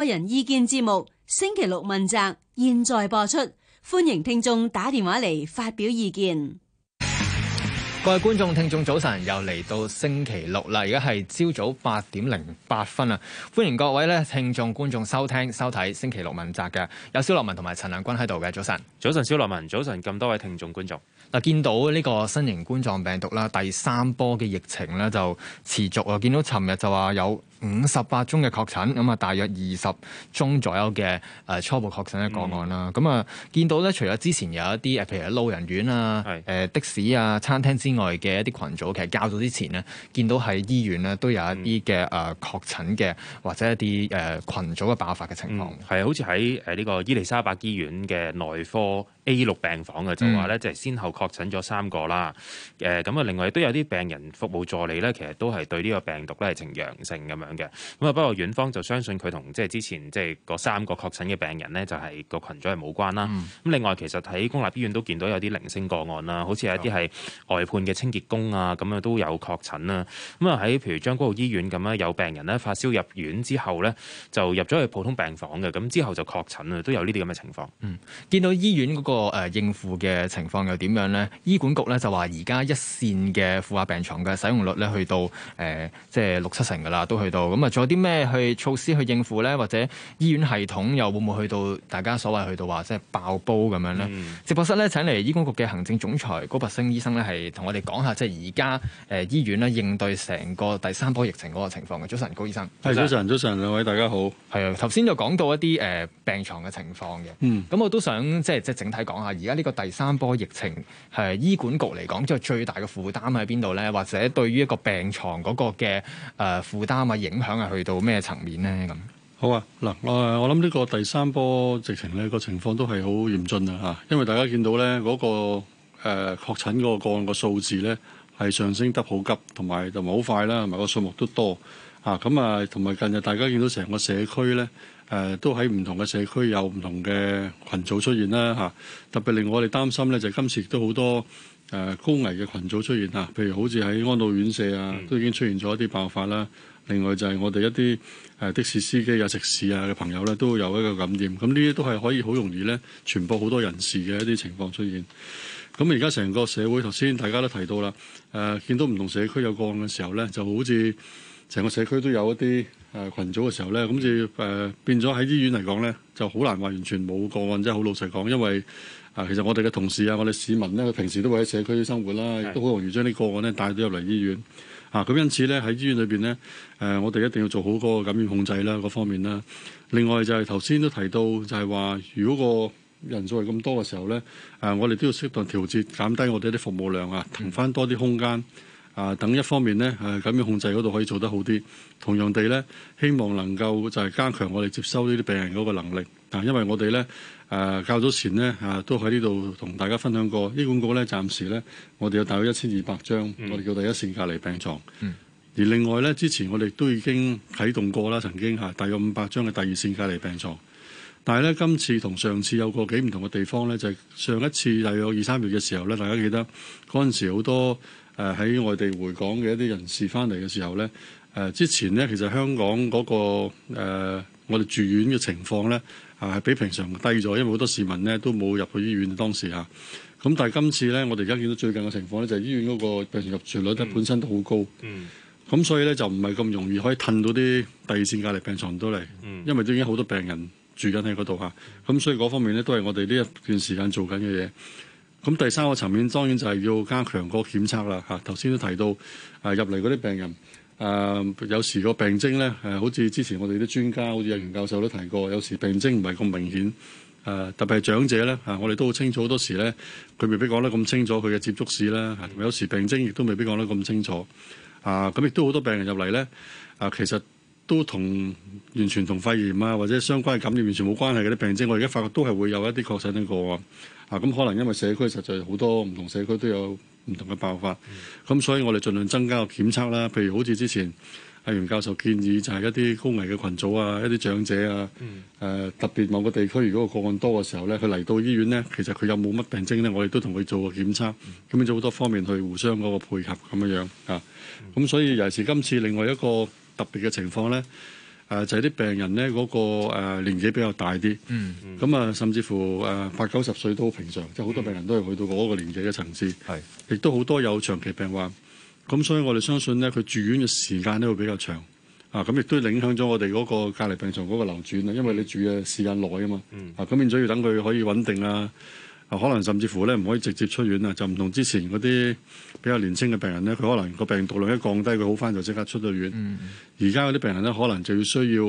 個人意見節目，星期六問責，現在播出，歡迎聽眾打電話嚟發表意見。各位觀眾聽眾早晨，又嚟到星期六啦，而家係朝早八點零八分啦，歡迎各位咧聽眾觀眾收聽收睇星期六問責嘅，有蕭樂文同埋陳亮君喺度嘅，早晨，早晨蕭樂文，早晨咁多位聽眾觀眾。嗱，見到呢個新型冠狀病毒啦，第三波嘅疫情咧就持續啊！見到尋日就話有五十八宗嘅確診，咁啊，大約二十宗左右嘅誒初步確診嘅個案啦。咁啊、嗯，見到咧，除咗之前有一啲誒，譬如老人院啊、誒是的士啊、的餐廳之外嘅一啲群組，其實較早之前呢，見到喺醫院呢都有一啲嘅誒確診嘅、嗯、或者一啲誒羣組嘅爆發嘅情況，係好似喺誒呢個伊利沙伯醫院嘅內科。A 六病房嘅就話咧，即係先後確診咗三個啦。誒，咁啊，另外都有啲病人服務助理咧，其實都係對呢個病毒咧係呈陽性咁樣嘅。咁啊，不過院方就相信佢同即係之前即係個三個確診嘅病人咧，就係個群組係冇關啦。咁另外其實喺公立醫院都見到有啲零星個案啦，好似有一啲係外判嘅清潔工啊，咁啊都有確診啦。咁啊喺譬如將軍澳醫院咁啊，有病人咧發燒入院之後咧，就入咗去普通病房嘅，咁之後就確診啊，都有呢啲咁嘅情況。嗯，見到醫院嗰個。個誒應付嘅情況又點樣呢？醫管局咧就話而家一線嘅負壓病床嘅使用率咧去到誒、呃、即係六七成噶啦，都去到咁啊！仲有啲咩去措施去應付咧？或者醫院系統又會唔會去到大家所謂去到話即係爆煲咁樣呢？嗯、直播室咧請嚟醫管局嘅行政總裁高拔陞醫生咧係同我哋講下即係而家誒醫院咧應對成個第三波疫情嗰個情況嘅。早晨，高醫生。係早晨，早晨兩位大家好。係啊，頭先就講到一啲誒、呃、病床嘅情況嘅。嗯。咁我都想即係即係整體。講下而家呢個第三波疫情係醫管局嚟講，即係最大嘅負擔喺邊度咧？或者對於一個病床嗰個嘅誒負擔啊，影響係去到咩層面咧？咁好啊！嗱、呃，我我諗呢個第三波疫情咧個情況都係好嚴峻嘅啊！吓，因為大家見到咧嗰，嗰個誒確診嗰個個案個數字咧係上升得好急，同埋同埋好快啦，同埋個數目都多啊！咁啊，同埋近日大家見到成個社區咧。誒都喺唔同嘅社區有唔同嘅群組出現啦嚇，特別令我哋擔心呢，就係今次都好多誒高危嘅群組出現啊，譬如好似喺安老院舍啊，都已經出現咗一啲爆發啦。嗯、另外就係我哋一啲的士司機呀、食肆啊嘅朋友呢，都有一個感染。咁呢啲都係可以好容易呢傳播好多人士嘅一啲情況出現。咁而家成個社會，頭先大家都提到啦，誒見到唔同社區有個案嘅時候呢，就好似成個社區都有一啲。誒、呃、群組嘅時候咧，咁就誒、呃、變咗喺醫院嚟講咧，就好難話完全冇個案。即係好老實講，因為啊、呃，其實我哋嘅同事啊，我哋市民咧，平時都會喺社區生活啦、啊，亦都好容易將啲個案咧帶到入嚟醫院。啊，咁因此咧喺醫院裏邊咧，誒、呃，我哋一定要做好嗰個感染控制啦、啊，各方面啦、啊。另外就係頭先都提到，就係話，如果個人數係咁多嘅時候咧，誒、呃，我哋都要適當調節，減低我哋啲服務量啊，騰翻多啲空間。嗯啊！等一方面咧，啊，感染控制嗰度可以做得好啲。同樣地咧，希望能夠就係加強我哋接收呢啲病人嗰個能力啊。因為我哋咧，誒、啊、較早前咧嚇、啊、都喺呢度同大家分享過，醫管局咧暫時咧，我哋有大約一千二百張，嗯、我哋叫第一線隔離病床。嗯、而另外咧，之前我哋都已經啟動過啦，曾經嚇大約五百張嘅第二線隔離病床。但係咧今次同上次有個幾唔同嘅地方咧，就係、是、上一次大約二三月嘅時候咧，大家記得嗰陣時好多。誒喺、呃、外地回港嘅一啲人士翻嚟嘅時候咧、呃，之前咧其實香港嗰、那個、呃、我哋住院嘅情況咧，係、呃、比平常低咗，因為好多市民咧都冇入去醫院當時嚇。咁、啊、但係今次咧，我哋而家見到最近嘅情況咧，就係、是、醫院嗰個病人入住率咧本身都好高，咁、嗯嗯、所以咧就唔係咁容易可以褪到啲第二線隔離病床都嚟，因為都已經好多病人住緊喺嗰度嚇。咁、啊啊、所以嗰方面咧都係我哋呢一段時間做緊嘅嘢。咁第三個層面當然就係要加強個檢測啦嚇，頭先都提到誒入嚟嗰啲病人誒有時個病徵咧誒，好似之前我哋啲專家好似阿袁教授都提過，有時病徵唔係咁明顯誒，特別係長者咧嚇，我哋都好清楚好多時咧佢未必講得咁清楚佢嘅接觸史啦嚇，有時病徵亦都未必講得咁清楚啊，咁亦都好多病人入嚟咧啊，其實都同完全同肺炎啊或者相關嘅感染完全冇關係嗰啲病徵，我而家發覺都係會有一啲確診個。啊，咁可能因為社區實在好多唔同社區都有唔同嘅爆發，咁、嗯、所以我哋儘量增加個檢測啦。譬如好似之前阿袁教授建議，就係一啲高危嘅群組啊，一啲長者啊、嗯呃，特別某個地區如果個案多嘅時候咧，佢嚟到醫院咧，其實佢有冇乜病徵咧，我哋都同佢做個檢測。咁樣、嗯、就好多方面去互相嗰個配合咁樣樣啊。咁所以尤其是今次另外一個特別嘅情況咧。誒就係啲病人咧，嗰個年紀比較大啲，咁啊、嗯，嗯、甚至乎誒八九十歲都好平常，嗯、即係好多病人都係去到嗰個年紀嘅層次，是亦都好多有長期病患，咁所以我哋相信咧，佢住院嘅時間咧會比較長，啊咁亦都影響咗我哋嗰個隔離病床嗰個流轉啦，因為你住嘅時間耐啊嘛，啊咁變咗要等佢可以穩定啦。可能甚至乎咧，唔可以直接出院啊，就唔同之前嗰啲比較年輕嘅病人咧，佢可能個病毒量一降低，佢好翻就即刻出到院。嗯、而家嗰啲病人咧，可能就要需要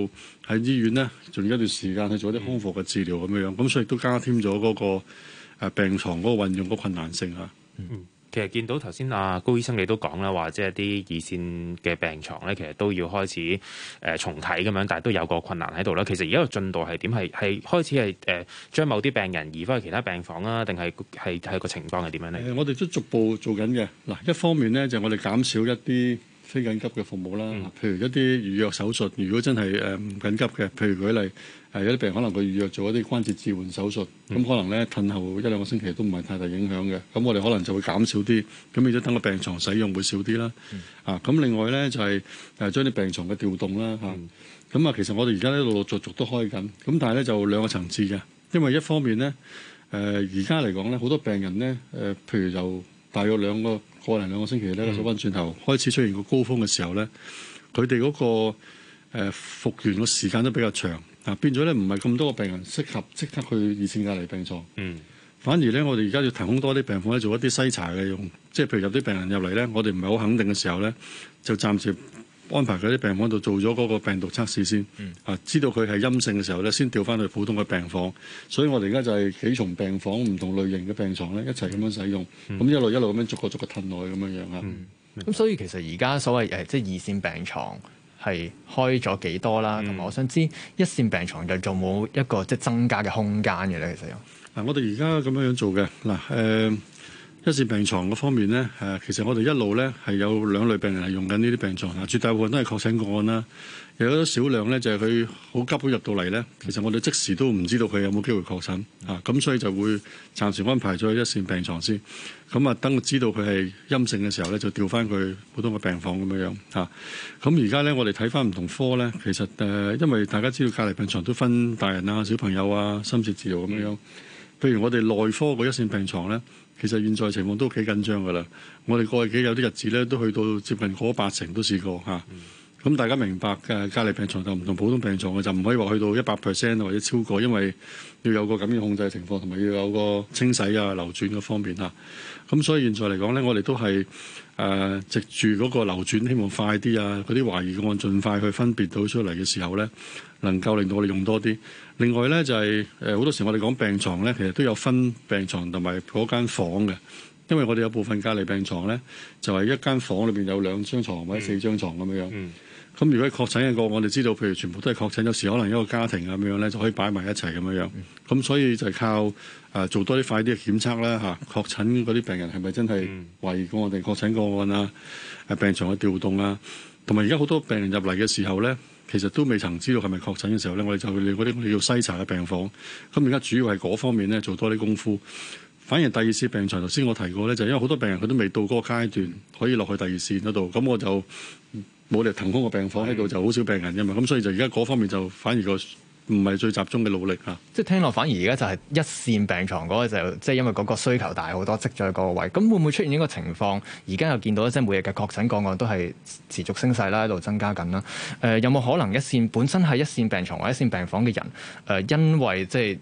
喺醫院咧，仲要一段時間去做啲康復嘅治療咁樣樣，咁所以都加添咗嗰個病床嗰個運用個困難性啊。嗯其實見到頭先啊高醫生你都講啦，話即係啲二線嘅病床咧，其實都要開始誒重啟咁樣，但係都有個困難喺度啦。其實而家個進度係點？係係開始係誒、呃、將某啲病人移翻去其他病房啊，定係係係個情況係點樣咧，呃？我哋都逐步做緊嘅。嗱，一方面咧就係、我哋減少一啲。非緊急嘅服務啦，譬如一啲預約手術，如果真係誒唔緊急嘅，譬如舉例誒有啲病人可能佢預約做一啲關節置換手術，咁、嗯、可能咧褪後一兩個星期都唔係太大影響嘅，咁我哋可能就會減少啲，咁亦都等個病床使用會少啲啦。嗯、啊，咁另外咧就係、是、誒將啲病床嘅調動啦嚇。咁、嗯、啊，其實我哋而家咧陸陸續續都開緊，咁但係咧就兩個層次嘅，因為一方面咧誒而家嚟講咧好多病人咧誒、呃、譬如就。大約兩個過零兩個星期咧，數翻、嗯、轉頭開始出現個高峰嘅時候咧，佢哋嗰個誒、呃、復原嘅時間都比較長，嗱變咗咧唔係咁多個病人適合即刻去二線隔離病床。嗯，反而咧我哋而家要騰空多啲病房咧做一啲篩查嘅用，即係譬如有啲病人入嚟咧，我哋唔係好肯定嘅時候咧，就暫時，安排佢啲病房度做咗嗰個病毒測試先，啊，知道佢係陰性嘅時候咧，先調翻去普通嘅病房。所以我哋而家就係幾重病房、唔同類型嘅病床咧，一齊咁樣使用，咁一路一路咁樣逐個逐個吞落去咁樣樣啊。咁、嗯、所以其實而家所謂誒，即係二線病床係開咗幾多啦？咁啊、嗯，而且我想知一線病床就做冇一個即係增加嘅空間嘅咧。其實有。嗱，我哋而家咁樣樣做嘅嗱誒。嗯一線病床嗰方面咧，誒，其實我哋一路咧係有兩類病人係用緊呢啲病床。嗱，絕大部分都係確診個案啦，有少少量咧就係佢好急好入到嚟咧，其實我哋即時都唔知道佢有冇機會確診，嚇，咁所以就會暫時安排咗一線病床先，咁啊等我知道佢係陰性嘅時候咧，就調翻佢普通嘅病房咁樣樣，嚇。咁而家咧我哋睇翻唔同科咧，其實誒，因為大家知道隔離病床都分大人啊、小朋友啊、深切治療咁樣樣。譬如我哋內科嗰一線病床呢，其實現在情況都幾緊張噶啦。我哋過去幾有啲日子呢，都去到接近嗰八成都試過吓咁、嗯、大家明白嘅隔離病床就唔同、嗯、普通病床嘅，就唔可以話去到一百 percent 或者超過，因為要有個感染控制情況，同埋要有個清洗啊、流轉嗰方面吓。咁所以現在嚟講呢，我哋都係。誒、呃、藉住嗰個流轉，希望快啲啊！嗰啲懷疑嘅案盡快去分別到出嚟嘅時候咧，能夠令到我哋用多啲。另外咧就係、是、好、呃、多時我哋講病床咧，其實都有分病床同埋嗰間房嘅，因為我哋有部分隔離病床咧就係、是、一間房裏面有兩張床或者四張床咁樣。嗯咁如果確診嘅個，我哋知道，譬如全部都係確診，有時可能一個家庭咁樣咧，就可以擺埋一齊咁樣。咁所以就係靠做多啲快啲嘅檢測啦嚇，確診嗰啲病人係咪真係懷疑過我哋確診個案啊？病床嘅調動呀？同埋而家好多病人入嚟嘅時候咧，其實都未曾知道係咪確診嘅時候咧，我哋就我哋要篩查嘅病房。咁而家主要係嗰方面咧做多啲功夫。反而第二線病床頭先我提過咧，就是、因為好多病人佢都未到嗰個階段可以落去第二線嗰度，咁我就。冇力騰空嘅病房喺度，就好少病人噶嘛。咁、嗯、所以就而家嗰方面就反而個唔係最集中嘅努力啊。即係聽落，反而而家就係一線病牀個就即、是、係因為嗰個需求大好多，積在個位。咁會唔會出現呢個情況？而家又見到即係、就是、每日嘅確診個案都係持續升勢啦，喺度增加緊啦。誒、呃，有冇可能一線本身係一線病床或者一線病房嘅人誒、呃，因為即係、就是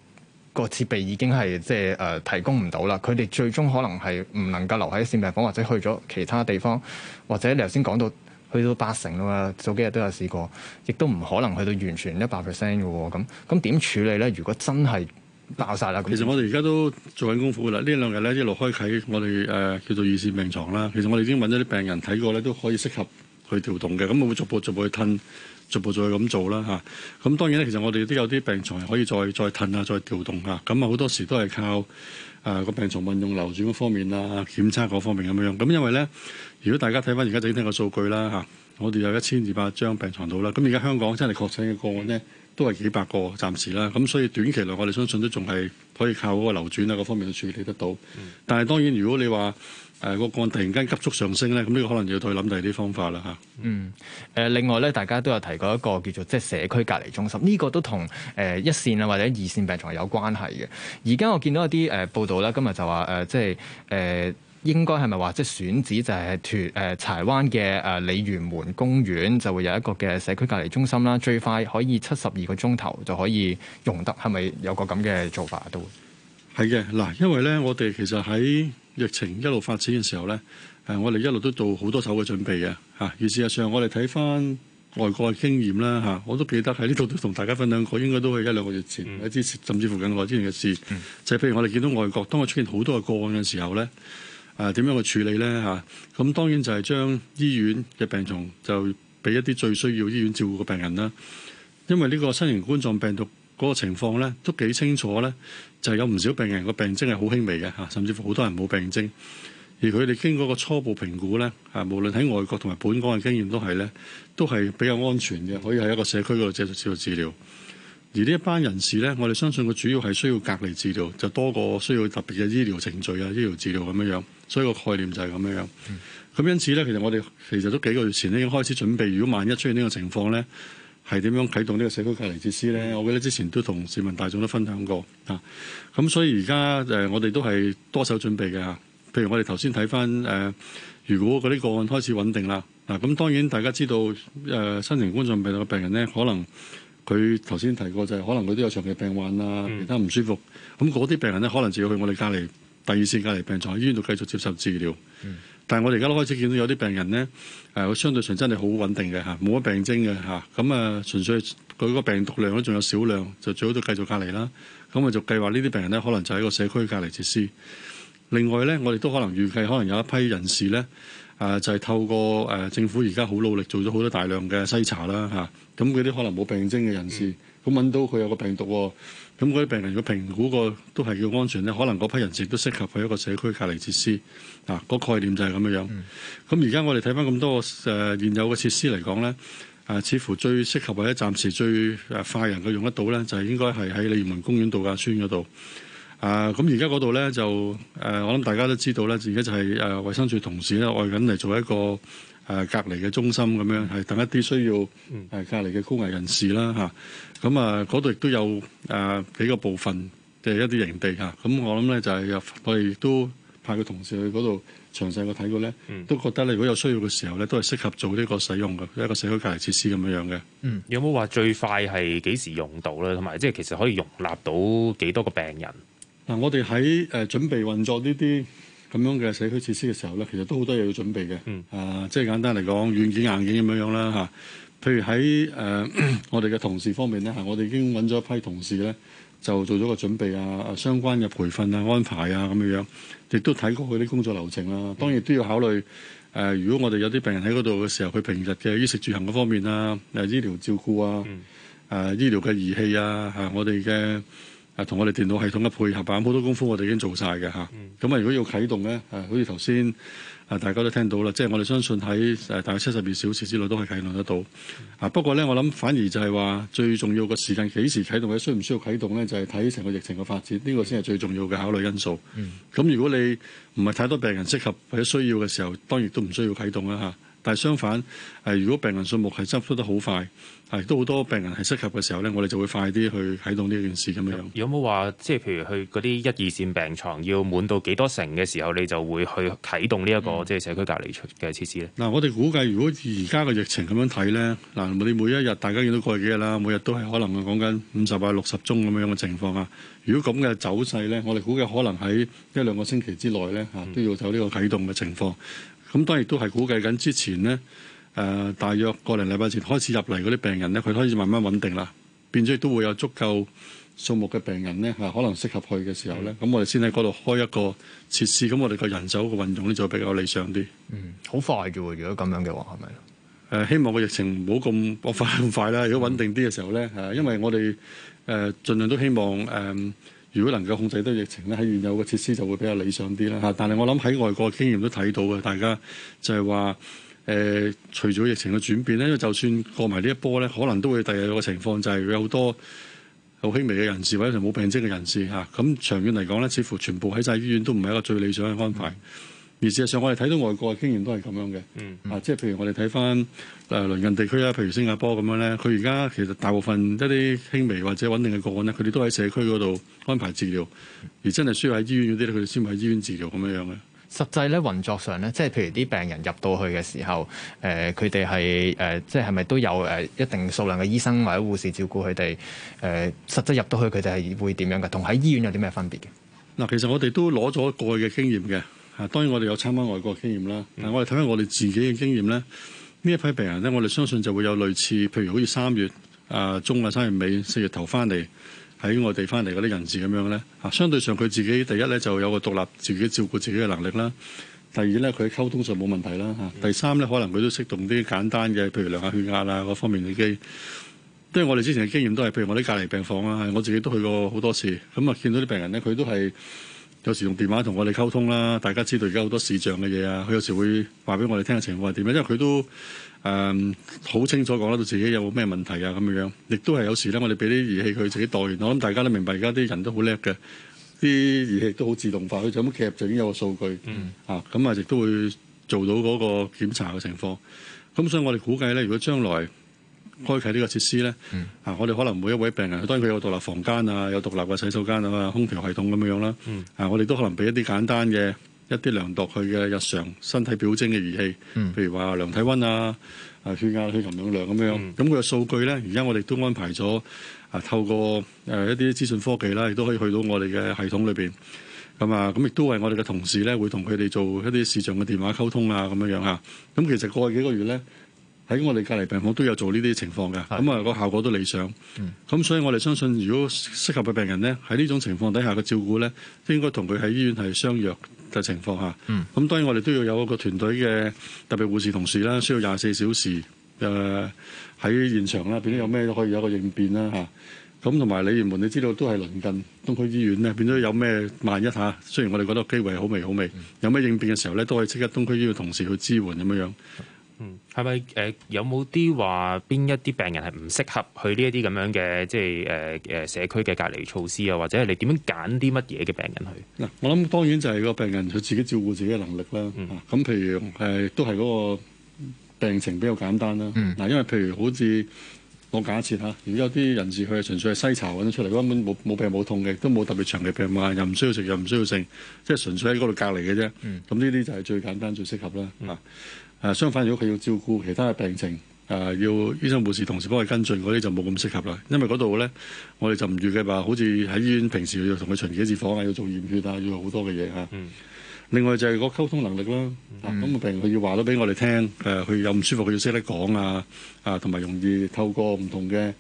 那個設備已經係即係誒提供唔到啦，佢哋最終可能係唔能夠留喺一線病房，或者去咗其他地方，或者你頭先講到。去到八成啦，早幾日都有試過，亦都唔可能去到完全一百 percent 嘅喎。咁咁點處理咧？如果真係爆晒啦，其實我哋而家都做緊功夫啦。這兩呢兩日咧，一路開啓我哋誒、呃、叫做二線病床啦。其實我哋已經揾咗啲病人睇過咧，都可以適合去調動嘅。咁我會逐步逐步去騰，逐步再去咁做啦嚇。咁、啊、當然咧，其實我哋都有啲病床可以再再騰啊，再調動啊。咁啊，好多時都係靠，啊，個病床運用流轉嗰方面啊，檢測嗰方面咁樣，咁因為咧，如果大家睇翻而家整體嘅數據啦嚇，我哋有一千二百張病床度啦，咁而家香港真係確診嘅個案咧都係幾百個暫時啦，咁所以短期內我哋相信都仲係可以靠嗰個流轉啊嗰方面去處理得到。但係當然如果你話，誒個案突然間急速上升咧，咁呢個可能要再諗第二啲方法啦嚇。嗯，誒另外咧，大家都有提過一個叫做即係社區隔離中心，呢、這個都同誒、呃、一線啊或者二線病牀有關係嘅。而家我見到一啲誒、呃、報道咧，今日就話誒即係誒應該係咪話即係選址就係屯誒柴灣嘅誒鯉魚門公園，就會有一個嘅社區隔離中心啦。最快可以七十二個鐘頭就可以用得，係咪有個咁嘅做法都會？係嘅，嗱，因為咧我哋其實喺疫情一路發展嘅時候呢，誒，我哋一路都做好多手嘅準備嘅嚇。而事實上，我哋睇翻外國嘅經驗啦嚇，我都記得喺呢度都同大家分享過，應該都係一兩個月前之前、嗯、甚至乎近排之前嘅事。嗯、就係譬如我哋見到外國當佢出現好多嘅個案嘅時候呢，誒、呃、點樣去處理呢？嚇、啊？咁當然就係將醫院嘅病床就俾一啲最需要醫院照顧嘅病人啦。因為呢個新型冠狀病毒嗰個情況呢，都幾清楚呢。就係有唔少病人個病徵係好輕微嘅嚇，甚至乎好多人冇病徵，而佢哋經過個初步評估咧，啊，無論喺外國同埋本港嘅經驗都係咧，都係比較安全嘅，可以喺一個社區嗰度接受治療。而呢一班人士咧，我哋相信佢主要係需要隔離治療，就多過需要特別嘅醫療程序啊、醫療治療咁樣樣。所以個概念就係咁樣樣。咁、嗯、因此咧，其實我哋其實都幾個月前已經開始準備，如果萬一出現呢個情況咧。係點樣啟動呢個社區隔離設施呢？我記得之前都同市民大眾都分享過啊。咁所以而家誒，我哋都係多手準備嘅。譬如我哋頭先睇翻誒，如果嗰啲個案開始穩定啦，嗱、啊、咁當然大家知道誒、呃，新型冠狀病毒嘅病人咧，可能佢頭先提過就係可能佢都有長期病患啊，嗯、其他唔舒服。咁嗰啲病人呢，可能就要去我哋隔離第二線隔離病床喺醫院度繼續接受治療，嗯、但我哋而家開始見到有啲病人咧、呃，相對上真係好穩定嘅嚇，冇乜病徵嘅嚇，咁啊，純粹佢個病毒量咧仲有少量，就最好都繼續隔離啦。咁啊，就計劃呢啲病人咧，可能就喺個社區隔離設施。另外咧，我哋都可能預計可能有一批人士咧、啊，就係、是、透過、呃、政府而家好努力做咗好多大量嘅篩查啦嚇，咁嗰啲可能冇病徵嘅人士，咁揾、嗯、到佢有個病毒喎。咁嗰啲病人如果評估個都係叫安全咧，可能嗰批人士都適合去一個社區隔離設施。嗱、那，個概念就係咁樣樣。咁而家我哋睇返咁多誒現有嘅設施嚟講咧、呃，似乎最適合或者暫時最快人嘅用得到咧，就係、是、應該係喺鯉魚門公園度假村嗰度。啊、呃，咁而家嗰度咧就、呃、我諗大家都知道咧，而家就係誒衛生署同事咧，我緊嚟做一個。誒隔離嘅中心咁樣，係等一啲需要誒隔離嘅高危人士啦嚇。咁啊、嗯，嗰度亦都有誒幾個部分嘅，即係、一啲營地嚇。咁我諗咧就係我哋亦都派個同事去嗰度詳細去睇過咧，嗯、都覺得咧如果有需要嘅時候咧，都係適合做呢個使用嘅一個社區隔離設施咁樣樣嘅。嗯，有冇話最快係幾時用到咧？同埋即係其實可以容納到幾多個病人？嗱，我哋喺誒準備運作呢啲。咁樣嘅社區設施嘅時候咧，其實都好多嘢要準備嘅。嗯、啊，即係簡單嚟講，軟件硬件咁樣樣啦。譬如喺、呃、我哋嘅同事方面咧，我哋已經揾咗一批同事咧，就做咗個準備啊，相關嘅培訓啊、安排啊咁樣樣，亦都睇過佢啲工作流程啦、啊。當然都要考慮、呃、如果我哋有啲病人喺嗰度嘅時候，佢平日嘅衣食住行嘅方面啊，誒醫療照顧啊，誒、嗯啊、醫療嘅儀器啊，啊我哋嘅。同我哋電腦系統嘅配合，版好多功夫，我哋已經做晒嘅吓。咁啊，如果要啟動咧，好似頭先啊，大家都聽到啦，即係我哋相信喺大概七十二小時之內都可以啟動得到。啊，不過咧，我諗反而就係話最重要嘅時間幾時啟動，或者需唔需要啟動咧，就係睇成個疫情嘅發展，呢個先係最重要嘅考慮因素。咁如果你唔係太多病人適合或者需要嘅時候，當然都唔需要啟動啦吓。但相反，如果病人數目係增幅得好快。係都好多病人係適合嘅時候咧，我哋就會快啲去啟動呢件事咁樣。有冇話即係譬如去嗰啲一二線病床要滿到幾多成嘅時候，你就會去啟動呢一個即係社區隔離出嘅設施咧？嗱、嗯，嗯、我哋估計如果而家嘅疫情咁樣睇咧，嗱我哋每一日大家見到過去幾日啦，每日都係可能講緊五十八、六十宗咁樣嘅情況啊。如果咁嘅走勢咧，我哋估計可能喺一兩個星期之內咧，都要就呢個啟動嘅情況。咁、嗯、當然都係估計緊之前咧。誒大約個零禮拜前開始入嚟嗰啲病人咧，佢開始慢慢穩定啦，變咗亦都會有足夠數目嘅病人咧嚇，可能適合去嘅時候咧，咁的我哋先喺嗰度開一個設施，咁我哋個人手嘅運用咧就會比較理想啲。嗯，好快嘅喎，如果咁樣嘅話係咪？誒，希望個疫情唔好咁惡化咁快啦。如果穩定啲嘅時候咧嚇，因為我哋誒盡量都希望誒，如果能夠控制到疫情咧，喺原有嘅設施就會比較理想啲啦嚇。但係我諗喺外國嘅經驗都睇到嘅，大家就係話。誒、呃，隨住疫情嘅轉變咧，因為就算過埋呢一波咧，可能都會第日有個情況，就係有好多好輕微嘅人士或者冇病徵嘅人士咁、啊、長遠嚟講咧，似乎全部喺晒醫院都唔係一個最理想嘅安排。嗯、而事實上，我哋睇到外國嘅經驗都係咁樣嘅。嗯嗯、啊，即係譬如我哋睇翻誒鄰近地區啊，譬如新加坡咁樣咧，佢而家其實大部分一啲輕微或者穩定嘅個案咧，佢哋都喺社區嗰度安排治療。而真係需要喺醫院嗰啲咧，佢哋先會喺醫院治療咁樣樣嘅。實際咧運作上咧，即係譬如啲病人入到去嘅時候，誒佢哋係誒即係係咪都有誒一定數量嘅醫生或者護士照顧佢哋？誒、呃、實質入到去佢哋係會點樣嘅？同喺醫院有啲咩分別嘅？嗱，其實我哋都攞咗過去嘅經驗嘅，啊當然我哋有參加外國經驗啦，但我哋睇下我哋自己嘅經驗咧，呢、嗯、一批病人咧，我哋相信就會有類似，譬如好似三月啊中啊三月尾四月頭翻嚟。喺外地翻嚟嗰啲人士咁樣咧，嚇，相對上佢自己第一咧就有個獨立自己照顧自己嘅能力啦。第二咧佢喺溝通上冇問題啦。嚇，第三咧可能佢都識動啲簡單嘅，譬如量下血壓啊各方面嘅機。因為我哋之前嘅經驗都係譬如我啲隔離病房啦，我自己都去過好多次，咁啊見到啲病人咧，佢都係。有時用電話同我哋溝通啦，大家知道而家好多視像嘅嘢啊，佢有時會話俾我哋聽嘅情況係點樣，因為佢都誒好、嗯、清楚講啦，到自己有冇咩問題啊咁樣，亦都係有時咧，我哋俾啲儀器佢自己代完，我諗大家都明白，而家啲人都好叻嘅，啲儀器都好自動化，佢就咁其實就已經有個數據，嗯、啊咁啊亦都會做到嗰個檢查嘅情況，咁所以我哋估計咧，如果將來。開啟呢個設施咧，嗯、啊，我哋可能每一位病人，當然佢有獨立房間啊，有獨立嘅洗手間啊，空調系統咁樣啦。嗯、啊，我哋都可能俾一啲簡單嘅一啲量度佢嘅日常身體表徵嘅儀器，嗯、譬如話量體温啊、血壓、血含氧量咁樣。咁佢嘅數據咧，而家我哋都安排咗啊，透過一啲資訊科技啦，亦都可以去到我哋嘅系統裏面。咁啊，咁亦都係我哋嘅同事咧，會同佢哋做一啲視像嘅電話溝通啊，咁樣啊。咁其實過去幾個月咧。喺我哋隔離病房都有做呢啲情況嘅，咁啊是個效果都理想。咁、嗯、所以我哋相信，如果適合嘅病人咧，喺呢種情況底下嘅照顧咧，都應該同佢喺醫院係相約嘅情況下。咁、嗯、當然我哋都要有一個團隊嘅特別護士同事啦，需要廿四小時誒喺、呃、現場啦，變咗有咩都可以有個個應變啦嚇。咁同埋鯉魚門，你知道都係鄰近東區醫院咧，變咗有咩萬一嚇。雖然我哋覺得機會好微好微，嗯、有咩應變嘅時候咧，都可以即刻東區醫院同事去支援咁樣。嗯，係咪誒有冇啲話邊一啲病人係唔適合去呢一啲咁樣嘅，即係誒誒社區嘅隔離措施啊？或者係你點樣揀啲乜嘢嘅病人去嗱？我諗當然就係個病人佢自己照顧自己嘅能力啦。咁、嗯啊、譬如係都係嗰個病情比較簡單啦。嗱、嗯，因為譬如好似我假設嚇，如果有啲人士佢純粹係篩查咁出嚟，根本冇冇病冇痛嘅，都冇特別長期病患，又唔需要食又唔需要剩，即係純粹喺嗰度隔離嘅啫。咁呢啲就係最簡單最適合啦。啊、嗯！誒、啊、相反，如果佢要照顧其他嘅病情，誒、啊、要醫生、護士、同時幫佢跟進嗰啲就冇咁適合啦，因為嗰度咧，我哋就唔預計話，好似喺醫院平時要同佢巡幾次房啊，要做驗血啊，要好多嘅嘢嚇。啊嗯、另外就係個溝通能力啦，咁、啊、譬如佢要話咗俾我哋聽，誒、啊、佢有唔舒服，佢要識得講啊，啊同埋容易透過唔同嘅。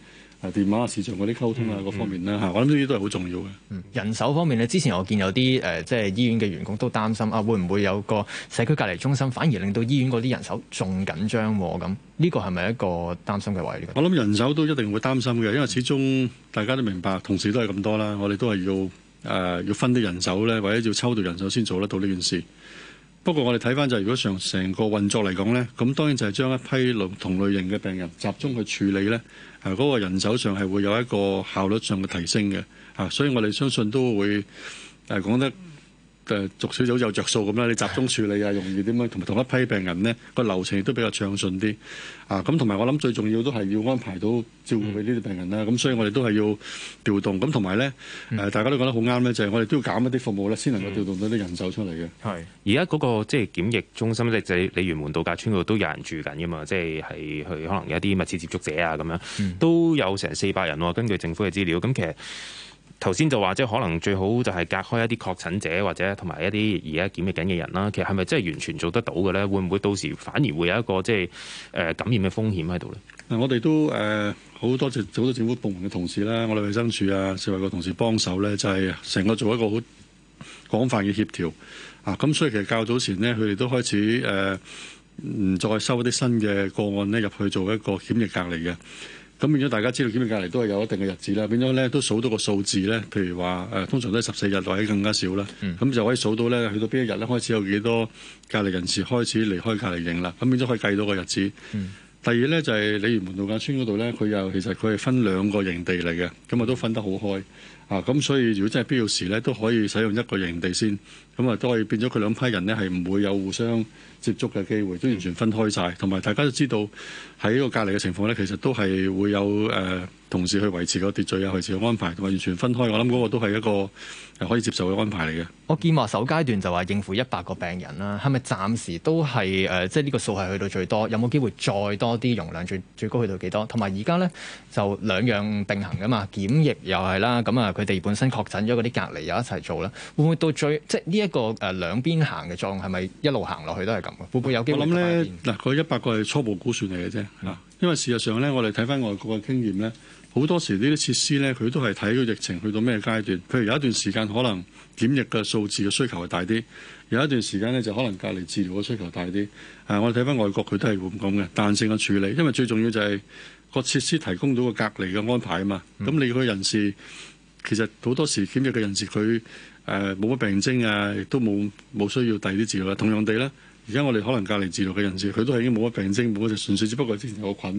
啊，電話市場嗰啲溝通啊，各方面啦嚇，我諗呢啲都係好重要嘅。嗯，人手方面呢，之前我見有啲誒、呃，即係醫院嘅員工都擔心啊，會唔會有個社區隔離中心，反而令到醫院嗰啲人手仲緊張喎？咁呢個係咪一個擔心嘅位咧？我諗人手都一定會擔心嘅，因為始終大家都明白，同事都係咁多啦，我哋都係要誒、呃、要分啲人手咧，或者要抽到人手先做得到呢件事。不過我哋睇翻就係如果上成個運作嚟講呢，咁當然就係將一批同類型嘅病人集中去處理呢。誒、那、嗰個人手上係會有一個效率上嘅提升嘅，所以我哋相信都會誒講得。誒逐少少有着數咁啦，你集中處理啊，容易點樣？同埋同一批病人呢個流程亦都比較暢順啲啊！咁同埋我諗最重要都係要安排到照顧俾呢啲病人啦。咁、嗯啊、所以我哋都係要調動咁，同、啊、埋呢，誒、啊，大家都講得好啱呢，就係、是、我哋都要減一啲服務呢，先能夠調動到啲人手出嚟嘅。係而家嗰個即係檢疫中心咧，即係鯉魚門度假村嗰度都有人住緊噶嘛，即係係去可能有一啲密切接觸者啊咁樣，嗯、都有成四百人喎。根據政府嘅資料，咁其實。頭先就話，即係可能最好就係隔開一啲確診者，或者同埋一啲而家檢疫緊嘅人啦。其實係咪真係完全做得到嘅咧？會唔會到時反而會有一個即係誒、呃、感染嘅風險喺度咧？嗱，我哋都誒好多謝好多政府部門嘅同事啦，我哋衞生署啊、社衞嘅同事幫手咧，就係、是、成個做一個好廣泛嘅協調啊。咁所以其實較早前呢，佢哋都開始誒唔、呃、再收一啲新嘅個案咧入去做一個檢疫隔離嘅。咁變咗大家知道，檢疫隔離都係有一定嘅日子啦。變咗咧，都數到個數字咧。譬如話、呃，通常都係十四日或者更加少啦。咁、嗯、就可以數到咧，去到邊一日咧開始有幾多隔離人士開始離開隔離營啦。咁變咗可以計到個日子。嗯第二呢，就係、鯉魚門度假村嗰度呢，佢又其實佢係分兩個營地嚟嘅，咁啊都分得好開啊，咁所以如果真係必要時呢，都可以使用一個營地先，咁啊都可以變咗佢兩批人呢係唔會有互相接觸嘅機會，都完全分開晒。同埋、嗯、大家都知道喺呢個隔離嘅情況呢，其實都係會有誒。呃同時去維持個秩序啊，維持個安排同埋完全分開，我諗嗰個都係一個可以接受嘅安排嚟嘅。我見話首階段就話應付一百個病人啦，係咪暫時都係、呃、即係呢個數係去到最多，有冇機會再多啲容量？最最高去到幾多？同埋而家咧就兩樣並行噶嘛，檢疫又係啦，咁啊佢哋本身確診咗嗰啲隔離又一齊做啦，會唔會到最即係呢一個誒、呃、兩邊行嘅狀係咪一路行落去都係咁？會唔會有機會？我諗咧嗱，嗰一百個係初步估算嚟嘅啫，嗯、因為事實上咧，我哋睇翻外國嘅經驗咧。好多時呢啲設施呢，佢都係睇個疫情去到咩階段。譬如有一段時間可能檢疫嘅數字嘅需求係大啲，有一段時間呢，就可能隔離治療嘅需求大啲。啊、呃，我哋睇翻外國佢都係會咁嘅彈性嘅處理，因為最重要就係、是、個設施提供到個隔離嘅安排啊嘛。咁你嗰個人士其實好多時檢疫嘅人士佢呃冇乜病徵啊，亦都冇冇需要第二啲治療，同樣地咧。而家我哋可能隔離治療嘅人士，佢、嗯、都係已經冇咗病徵，冇乜就純粹，只不過之前有菌，佢、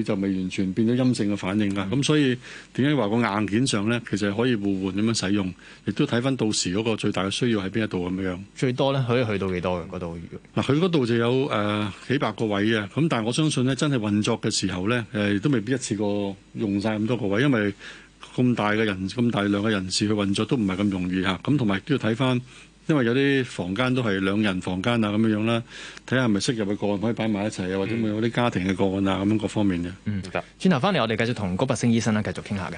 嗯、就未完全變咗陰性嘅反應啦。咁、嗯、所以點解話個硬件上咧，其實可以互換咁樣使用，亦都睇翻到時嗰個最大嘅需要喺邊一度咁樣。最多咧可以去到幾多嘅嗰度？嗱，佢嗰度就有誒、呃、幾百個位啊。咁但係我相信咧，真係運作嘅時候咧，誒、呃、都未必一次過用晒咁多個位，因為咁大嘅人、咁大量嘅人士去運作都唔係咁容易嚇。咁同埋都要睇翻。因為有啲房間都係兩人房間啊，咁樣樣啦，睇下係咪適入嘅個案可以擺埋一齊啊，或者有冇啲家庭嘅個案啊，咁樣各方面嘅。嗯，得。轉頭翻嚟，我哋繼續同高拔陞醫生啦，繼續傾下嘅。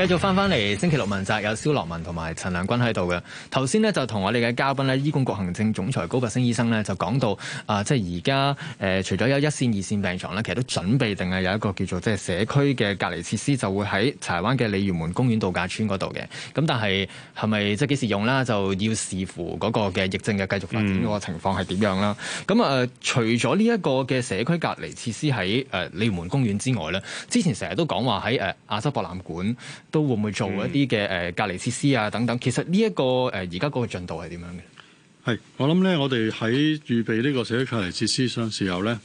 繼續翻翻嚟星期六問責有蕭樂文同埋陳良君喺度嘅。頭先咧就同我哋嘅嘉賓咧，醫管局行政總裁高拔陞醫生咧就講到啊、呃，即係而家除咗有一線、二線病床咧，其實都準備定係有一個叫做即係社區嘅隔離設施，就會喺柴灣嘅鯉魚門公園度假村嗰度嘅。咁但係係咪即係幾時用啦？就要視乎嗰個嘅疫症嘅繼續發展嗰個情況係點樣啦。咁啊、嗯呃，除咗呢一個嘅社區隔離設施喺誒鯉魚門公園之外咧，之前成日都講話喺亞洲博覽館。都會唔會做一啲嘅誒隔離設施啊等等？嗯、其實呢、這、一個誒而家嗰個進度係點樣嘅？係我諗咧，我哋喺預備呢個社區隔離設施，施上時候咧，誒、